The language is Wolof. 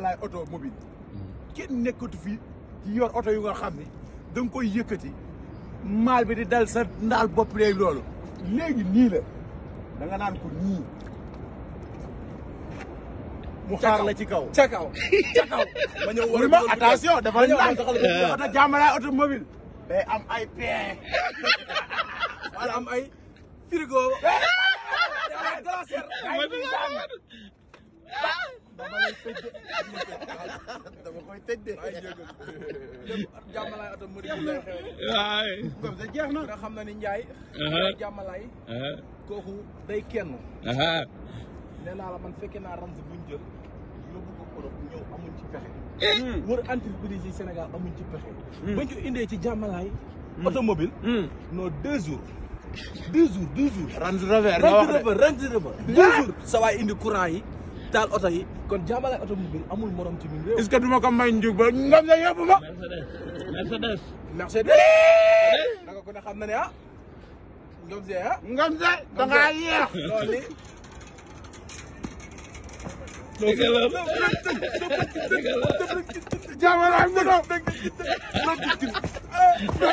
laay automobile kenn nekkatu fii ci yor oto yu nga xam ne da koy yëkkati maal bi di dal sa ndaal bopp léegi loolu léegi nii la da nga naan ko nii mu xaar la ci kaw ca kaw ca kaw ma ñëw war ma attention dafa naan automobile day am ay pain dama lay tëj de. dama koy tëj de. waaye jàmmalaay atam mu na. nga xam na ni Ndiaye. jàmmalaay. kooku day kenn. nee naa la man fekkee naa rams bu ñu jël yóbbu ko Europe ñëw amuñ ci pexe. wër entreprise Sénégal amuñ ci pexe. bañ ko indee ci jàmmalaay. automobile non deux jours. deux jours deux jours. Range Rover deux jours sa indi courant yi. taal oto yi kon jàmbale automobile amul morom ci biir réew. est-ce que du ma ko may njug ba ngam sa yóbbu ma. Mercedes. Mercedes. naka ku ne xam na ne ah. ngam see ah. ngam see da ngaa yéex. loolu lii. dëgg la dëgg la